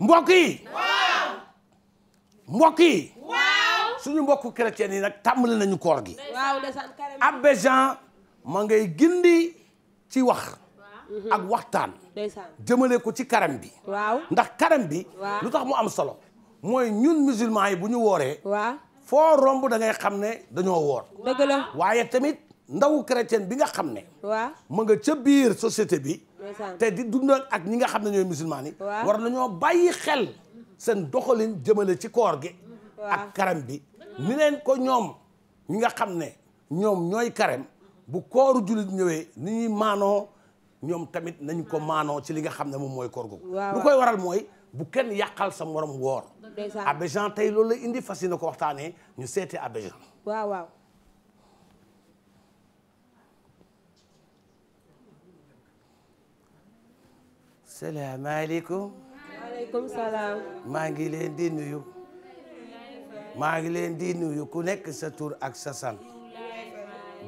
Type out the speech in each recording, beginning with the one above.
mbokk yi. mbokk yi. suñu mbokk chrétien yi nag tàmbali nañu koor gi. waaw abbé ma ngay gindi ci wax. ak waxtaan. jëmale ko ci karam bi. waaw ndax karam bi. lu tax mu am solo. mooy ñun musulman yi bu ñu wooree. waaw foo romb da ngay xam ne dañoo woor. dëgg la waaye tamit ndawu chrétien bi nga xam ne. waaw ma nga ca biir société bi. te di dundal ak ñi nga xam ne ñooy musulman yi war nañoo bàyyi xel seen doxalin jëmale ci koor gi ak karam bi ni leen ko ñoom ñi nga xam ne ñoom ñooy karam bu kooru jullit ñëwee ni ñuy maanoo ñoom tamit nañ ko maanoo ci li nga xam ne moom mooy koor googu lu koy waral mooy bu kenn yàqal sa morom woor Abidjan tey loolu la indi fas yéene ko waxtaanee ñu seete Abidjan salaamaaleykum. maaleykum maa ngi leen di nuyu. maa ngi leen di nuyu ku nekk sa tuur ak sa san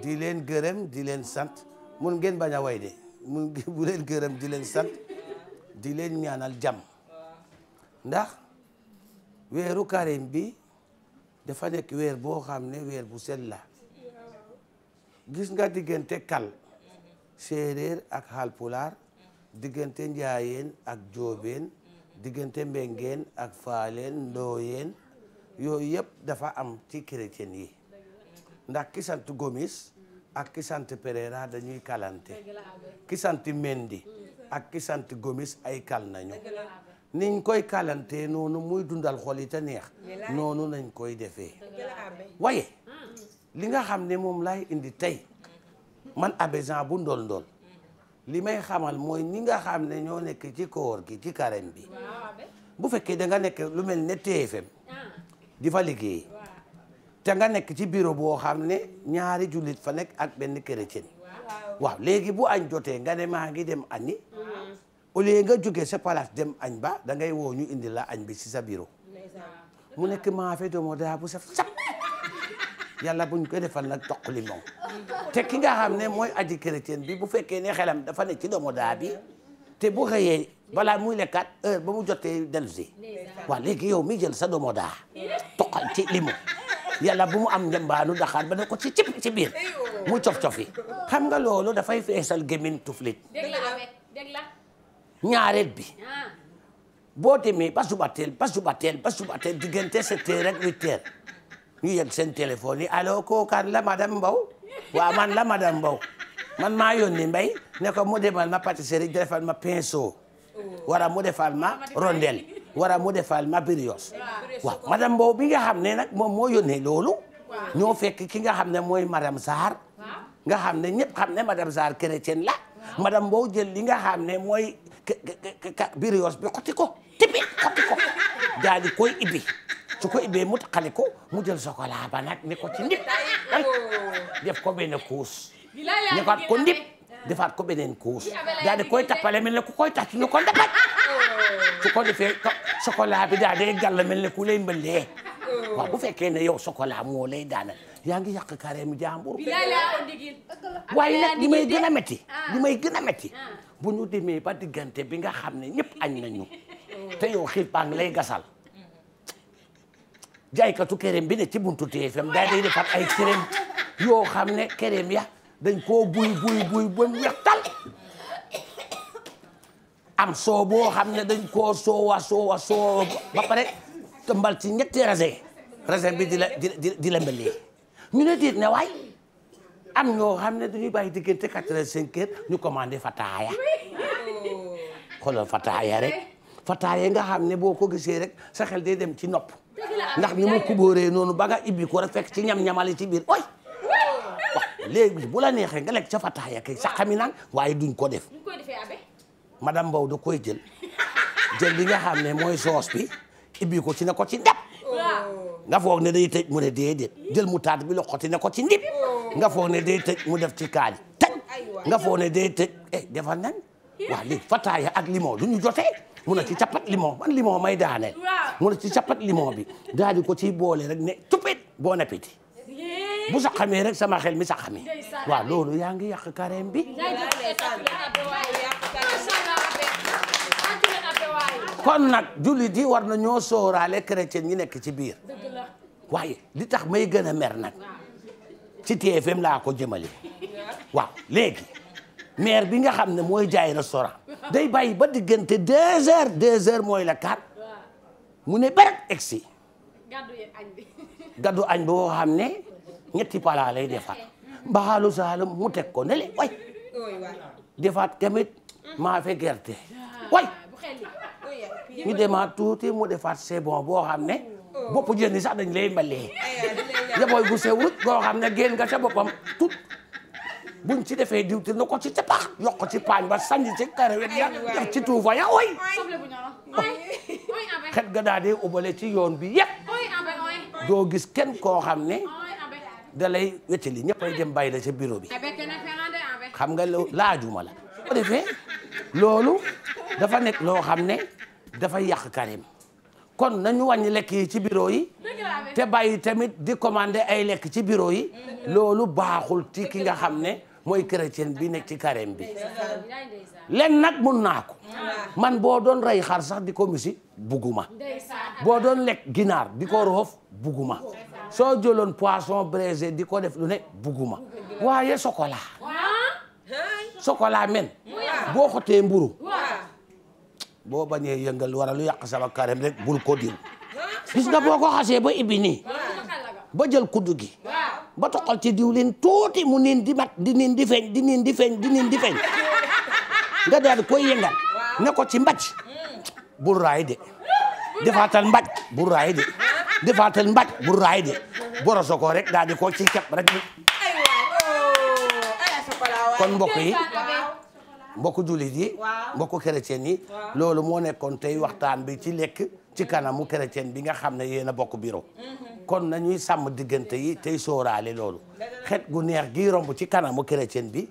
di leen gërëm di leen sant mun ngeen bañ a way de mun bu leen gërëm di leen sant di leen ñaanal jàmm ndax weeru karim bi dafa nekk weer boo xam ne weer bu sell la gis nga diggante kal séeréer ak halpulaar diggante njaayeen ak joobeen diggante mbengeen ak faaleen ndooyeen yooyu yëpp dafa am ci chrétien yi ndax ki sant Gomis ak ki sant Pereira dañuy kalante ki sant Mendi ak ki sant Gomis ay kal nañu niñ koy kalante noonu muy dundal xol yi te neex noonu nañ koy defee waaye li nga xam ne moom lay indi tey man abésan bu ndol ndol li may xamal mooy ni nga xam ne ñoo nekk ci koor gi ci carême bi bu fekkee da nga nekk lu mel ne TFM ah. di fa liggéey te nga nekk ci bureau boo xam ne ñaari jullit fa nekk ak benn chrétien waaw léegi bu añ jotee nga ne maa ngi dem ni mm-hmm. au lieu nga jógee sa palaas dem añ ba da ngay woo ñu indi la añ bi si sa bureau mu nekk maafe doomu daa bu saf sap yàlla buñ koy defal nag toq limon te ki nga xam ne mooy aji chrétien bi bu fekkee ne xelam dafa ne ci daa bi te bu xëyee balaa muy lekkat ba mu jotee dellusi waaw léegi yow mi jël sa domoda toqal ci limon yàlla bu mu am njambaanu daxaar ba ne ko ci cip ci biir mu cof cofi xam nga loolu dafay feesal gémmiñ tuflit ñaareel bi ah. boo demee ba suba teel ba suba teel ba suba teel diggante sept heures ak ñu yegg seen téléphone yi allo kookaan la madame Mbow waaw man la madame Mbow man maa yónni mbay ne ko mu demal ma pâtisserie defal ma pinceau wara mu defal ma rondelle wara mu defal ma brioche waaw madame Mbow bi nga xam ne nag moom moo yónnee loolu ñoo fekk ki nga xam ne mooy madame Sarr nga xam ne ñëpp xam ne madame Sarr chrétienne la madame Mbow jël li nga xam ne mooy brioche bi xoti ko tipi xoti ko daal di koy ibbi su ko ibbee mu xali ko mu jël chocolat ba nag ni ko ci ndip def ko benn kuus ni ko ko defaat ko beneen kuus daal di koy tappale mel ne ku ko ndapaj oh. su ko defee chocolat bi daal day gàll mel ne ku lay mbëllee oh. waaw bu fekkee ne yow chocolat moo lay daana yaa ngi yàq carré mu jàmbur waaye nag li may gën a métti ah. li may gën a métti ah. bu ñu demee ba diggante bi nga xam ne ñëpp añ nañu oh. te yow xiir baa lay gasal jaaykatu kerem bi ne ci buntu TFM daa day defar ay kerem yoo xam ne kerem ya dañ koo buy buy buy buy weex tal am soo boo xam ne dañ koo soowa soowa soowa ba pare tëmbal ci ñetti raisin raisin bi di la di di la mbalee ñu ne déet ne waay am ñoo xam ne dañuy bàyyi diggante quatre-vingt-cinq heures ñu commandé fataaya oh. xoolal fataaya rek fataaya nga xam ne boo ko gisee rek sa xel day dem ci nopp ndax mi mu kubóoree noonu ba nga ibbi ko rek fekk ci ñam-ñamali ci biir oy léegi bu la neexee nga lekk ca fataaya kay sa xami naan waaye duñ ko def madame Mbow da koy jël jël li nga xam ne mooy soos bi ibbi ci ne ko ci nga foog ne day tëj mu jël mu taat bi loxoti ne ko ci ndib oh. nga foog ne day tëj mu def ci kaani tëj nga foog ne day tëj eh defal nañ waaw léegi fataaya ak limon du ñu jotee mu ne ci capat limo man limon may daaneel mu ci capat limon bi daal ko ci boole rek ne boo bon appétit bu sa xamee rek sama xel mi sa xamee waaw loolu yaa ngi yàq carême bi kon nag jullit yi war na ñoo sóoraale chrétien ñi nekk ci biir waaye li tax may gën a mer nag ci TFM laa ko jëmale waaw léegi maire bi nga xam ne mooy jaay sora day bàyyi ba diggante deux heures deux heures mooy la carte mu ne barak egsi gàddu añ bi añ boo xam ne ñetti palaa lay defaat mbaxalu saalum mu teg ko ne le way defaat tamit maafe gerte ah, way ñu demaat tuuti mu defaat sebon boo xam ne bopp jëndi sax dañ lay mbalee yaboy bu sewut boo xam ne génn nga ca boppam tut buñ ci defee diwtir na ko ci ca yokko ci paañ ba sànni ci karawet ya ci tuufa ya oy xet ga daa ubale ci yoon bi yëpp doo gis kenn koo xam ne da lay weccali ñëppay dem bàyyi la ca bureau bi xam nga laajuma la bu defee loolu dafa nekk loo xam ne dafa yàq Karim kon nañu wàññi lekk yi ci bureau yi te bàyyi tamit di commander ay lekk ci bureau yi loolu baaxul ci ki nga xam ne mooy chrétien bi nekk ci carême bi len nag mun naa ko ah. man boo doon rey xar sax di ko misi bugguma boo doon lekk ginaar di ko ah. roof bugguma soo jëloon poisson braisé di ko def lu ne bugguma waaye chocolat sokola men boo xotee mburu boo bañee yëngal wara lu yàq sama carême rek bul ko dil gis nga boo ko xasee ba ibbi nii ba jël kuddu gi ba toqal ci diwlin tuuti mu niin di mat di niin di feeñ di niin di feeñ di niin di feeñ nga daal di koy yëngal ne ko ci mbàcc bul raay de defaatal mbàcc bul raay de de boroso ko rek daal di ko ci cap rek kon mbokk yi mbokku jullit yi mbokku chrétien yi loolu moo nekkoon tey mm-hmm. waxtaan bi ci lekk ci kanamu chrétien bi nga xam ne yéen a bokk bureau mm-hmm. kon nañuy sàmm diggante yi tey sooraale loolu xet gu neex gi romb ci kanamu chrétien bi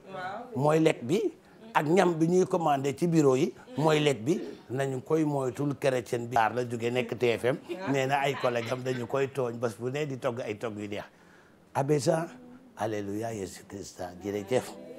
mooy lekk bi ak ñam bi ñuy commandé ci bureau yi mm-hmm. mooy lekk bi nañu koy moytul chrétien bi aar la jóge nekk TFM nee na ay collègue dañu koy tooñ ba bu ne di togg ay togg yu neex abésa alléluia Jésus Christ jërëjëf